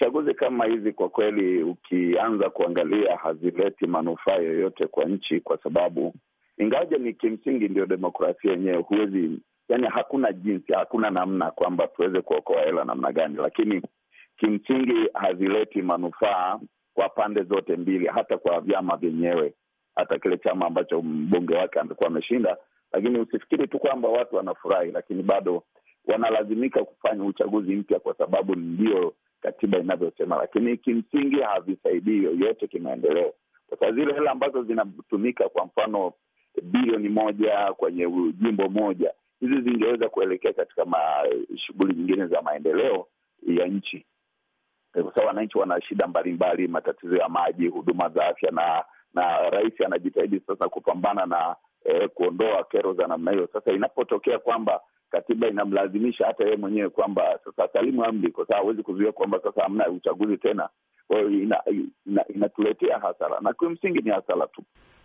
chaguzi kama hizi kwa kweli, ukianza kuangalia, hazileti manufaa yoyote kwa nchi, kwa sababu ingawaje ni kimsingi ndio demokrasia yenyewe, huwezi yani, hakuna jinsi, hakuna namna kwamba tuweze kuokoa hela namna gani, lakini kimsingi hazileti manufaa kwa pande zote mbili, hata kwa vyama vyenyewe, hata kile chama ambacho mbunge wake amekuwa ameshinda. Lakini usifikiri tu kwamba watu wanafurahi, lakini bado wanalazimika kufanya uchaguzi mpya, kwa sababu ndio katiba inavyosema, lakini kimsingi havisaidii yoyote kimaendeleo, kwa sababu zile hela ambazo zinatumika, kwa mfano bilioni moja kwenye jimbo moja, hizi zingeweza kuelekea katika shughuli nyingine za maendeleo ya nchi, kwa sababu wananchi wana shida mbalimbali, matatizo ya maji, huduma za afya, na na rais anajitahidi sasa kupambana na eh, kuondoa kero za namna hiyo. Sasa inapotokea kwamba katiba inamlazimisha hata yeye mwenyewe kwamba sasa salimu amri, kwa sababu hawezi kuzuia kwamba sasa hamna uchaguzi tena. Kwa hiyo inatuletea ina, ina, hasara, na kimsingi ni hasara tu.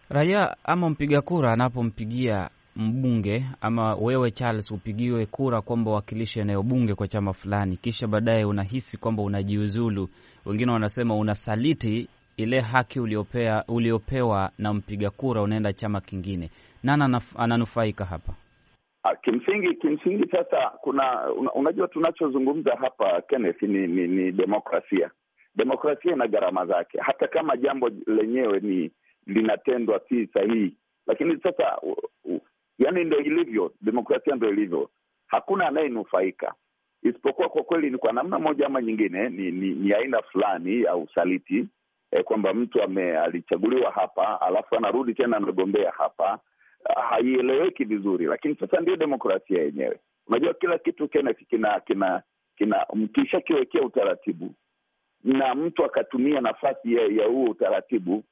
Raia ama mpiga kura anapompigia mbunge ama wewe Charles upigiwe kura kwamba uwakilishe eneo bunge kwa chama fulani, kisha baadaye unahisi kwamba unajiuzulu, wengine wanasema unasaliti ile haki uliopea, uliopewa na mpiga kura, unaenda chama kingine. Nani ananufaika hapa? Ah, kimsingi kimsingi sasa kuna unajua tunachozungumza hapa Kenneth, ni, ni, ni demokrasia. Demokrasia ina gharama zake, hata kama jambo lenyewe ni linatendwa si sahihi, lakini sasa uh, yani ndo ilivyo demokrasia, ndo ilivyo, hakuna anayenufaika isipokuwa, kwa kweli ni kwa namna moja ama nyingine, ni, ni, ni aina fulani ya usaliti eh, kwamba mtu ame, alichaguliwa hapa alafu anarudi tena anagombea hapa haieleweki vizuri, lakini sasa ndio demokrasia yenyewe. Unajua, kila kitu kina kina kina, kina mkishakiwekea utaratibu na mtu akatumia nafasi ya huo utaratibu,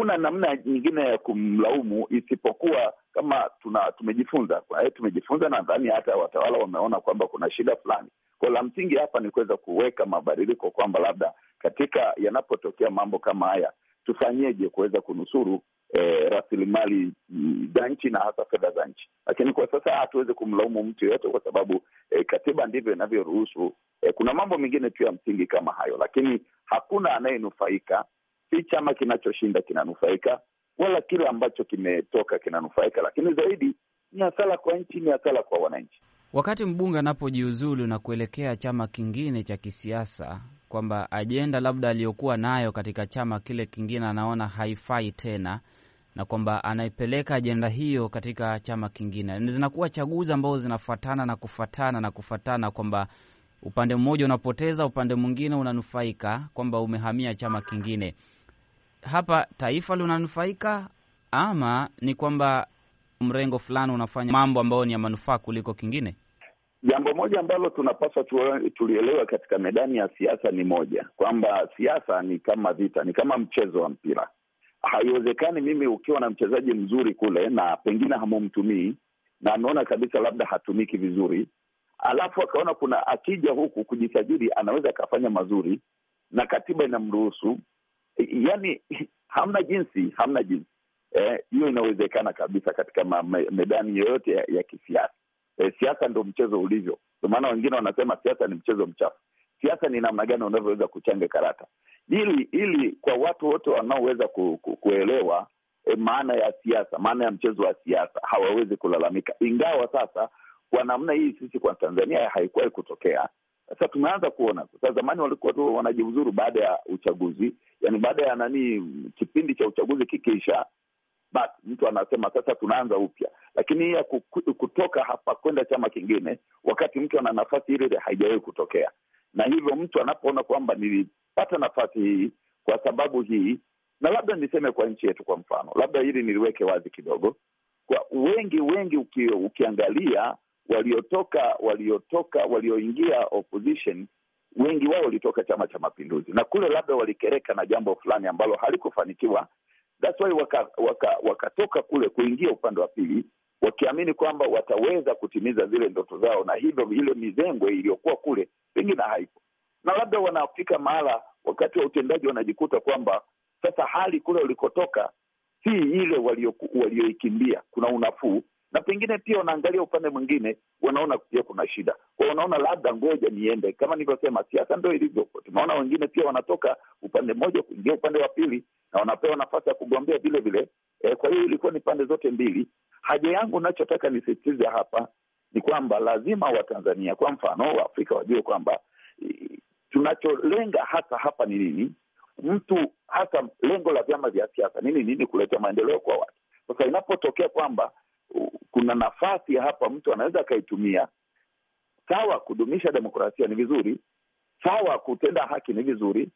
una namna nyingine ya kumlaumu isipokuwa kama tuna tumejifunza kwa, tumejifunza nadhani hata watawala wameona kwamba kuna shida fulani. Kwa la msingi hapa ni kuweza kuweka mabadiliko kwamba labda katika yanapotokea mambo kama haya tufanyeje kuweza kunusuru eh, rasilimali mm, za nchi na hasa fedha za nchi. Lakini kwa sasa hatuwezi kumlaumu mtu yoyote kwa sababu eh, katiba ndivyo inavyoruhusu. Eh, kuna mambo mengine tu ya msingi kama hayo, lakini hakuna anayenufaika. Si chama kinachoshinda kinanufaika, wala kile ambacho kimetoka kinanufaika, lakini zaidi ni hasara kwa nchi, ni hasara kwa wananchi. Wakati mbunge anapojiuzulu na kuelekea chama kingine cha kisiasa, kwamba ajenda labda aliyokuwa nayo katika chama kile kingine anaona haifai tena, na kwamba anaipeleka ajenda hiyo katika chama kingine. Zinakuwa chaguzi ambazo zinafuatana na kufuatana na kufuatana, kwamba upande mmoja unapoteza, upande mwingine unanufaika, kwamba umehamia chama kingine. Hapa taifa linanufaika ama ni kwamba mrengo fulani unafanya mambo ambayo ni ya manufaa kuliko kingine. Jambo moja ambalo tunapaswa tulielewa katika medani ya siasa ni moja, kwamba siasa ni kama vita, ni kama mchezo wa mpira haiwezekani mimi ukiwa na mchezaji mzuri kule na pengine hamumtumii na ameona kabisa labda hatumiki vizuri, alafu akaona kuna akija huku kujisajili anaweza akafanya mazuri na katiba inamruhusu, yani hamna jinsi, hamna jinsi eh, hiyo. Eh, inawezekana kabisa katika medani yoyote ya, ya kisiasa. Eh, siasa ndo mchezo ulivyo, ndio maana wengine wanasema siasa ni mchezo mchafu siasa ni namna gani unavyoweza kuchanga karata, ili ili kwa watu wote wanaoweza ku, ku, kuelewa e, maana ya siasa, maana ya mchezo wa siasa, hawawezi kulalamika. Ingawa sasa kwa namna hii sisi kwa Tanzania haikuwahi kutokea. Sasa tumeanza kuona sasa, zamani walikuwa tu wanajiuzuru baada ya uchaguzi, yani baada ya nani, kipindi cha uchaguzi kikiisha, basi mtu anasema sasa tunaanza upya. Lakini ya kutoka hapa kwenda chama kingine, wakati mtu ana nafasi ile, haijawahi kutokea na hivyo mtu anapoona kwamba nilipata nafasi hii kwa sababu hii, na labda niseme kwa nchi yetu, kwa mfano, labda hili niliweke wazi kidogo, kwa wengi wengi uki, ukiangalia waliotoka waliotoka walioingia opposition wengi wao walitoka Chama cha Mapinduzi, na kule labda walikereka na jambo fulani ambalo halikufanikiwa. That's why wakatoka waka, waka kule kuingia upande wa pili, wakiamini kwamba wataweza kutimiza zile ndoto zao, na hivyo ile mizengwe iliyokuwa kule pengine haipo, na labda wanafika mahala wakati wa utendaji wanajikuta kwamba sasa hali kule walikotoka si ile walioikimbia, kuna unafuu na pengine pia wanaangalia upande mwingine, wanaona pia kuna shida kwao, wanaona labda ngoja niende. Kama nilivyosema, siasa ndo ilivyo, tunaona wengine pia wanatoka upande mmoja kuingia upande wa pili, na wanapewa nafasi ya kugombea vile vile. E, kwa hiyo ilikuwa ni pande zote mbili. Haja yangu nachotaka nisisitize hapa ni kwamba lazima Watanzania, kwa mfano Waafrika, wajue kwamba tunacholenga hasa hapa ni nini, mtu hasa lengo la vyama vya siasa nini nini? kuleta maendeleo kwa watu. Sasa inapotokea kwamba kuna nafasi hapa mtu anaweza akaitumia, sawa, kudumisha demokrasia ni vizuri, sawa, kutenda haki ni vizuri,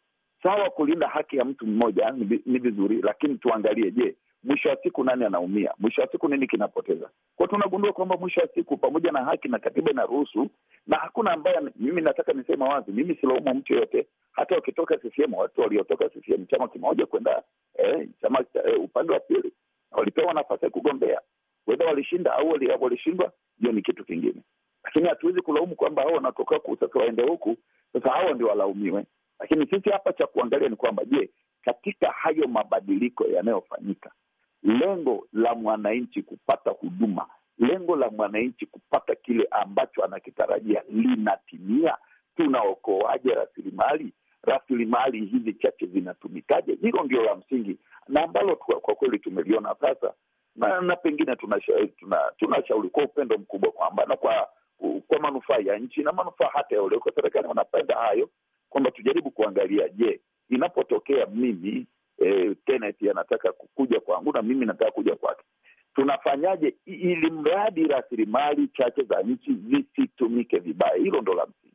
sawa, kulinda haki ya mtu mmoja ni vizuri, lakini tuangalie, je, mwisho wa siku nani anaumia? Mwisho wa siku nini kinapoteza? Kwa tunagundua kwamba mwisho wa siku, pamoja na haki na katiba inaruhusu, na hakuna ambaye, mimi nataka nisema wazi, mimi silaumu mtu yoyote, hata wakitoka CCM, watu waliotoka CCM chama kimoja kwenda eh, chama eh, upande wa pili, walipewa nafasi ya kugombea, wedha walishinda au walishindwa, hiyo ni kitu kingine, lakini hatuwezi kulaumu kwamba hao wanatoka huku sasa waende huku sasa, hawa ndio walaumiwe. Lakini sisi hapa cha kuangalia ni kwamba, je, katika hayo mabadiliko yanayofanyika, lengo la mwananchi kupata huduma, lengo la mwananchi kupata kile ambacho anakitarajia linatimia? Tunaokoaje rasilimali? Rasilimali hizi chache zinatumikaje? Hilo ndio la msingi na ambalo kwa kweli tumeliona sasa na, na pengine tunashauri tuna, tuna kwa upendo mkubwa kwamba na kwa, kwa manufaa ya nchi na manufaa hata ya walioko serikali wanapenda hayo kwamba tujaribu kuangalia, je, inapotokea mimi e, eh, Kenneth anataka kuja kwangu na mimi nataka kuja kwake, tunafanyaje ili mradi rasilimali chache za nchi zisitumike vibaya? Hilo ndo la msingi.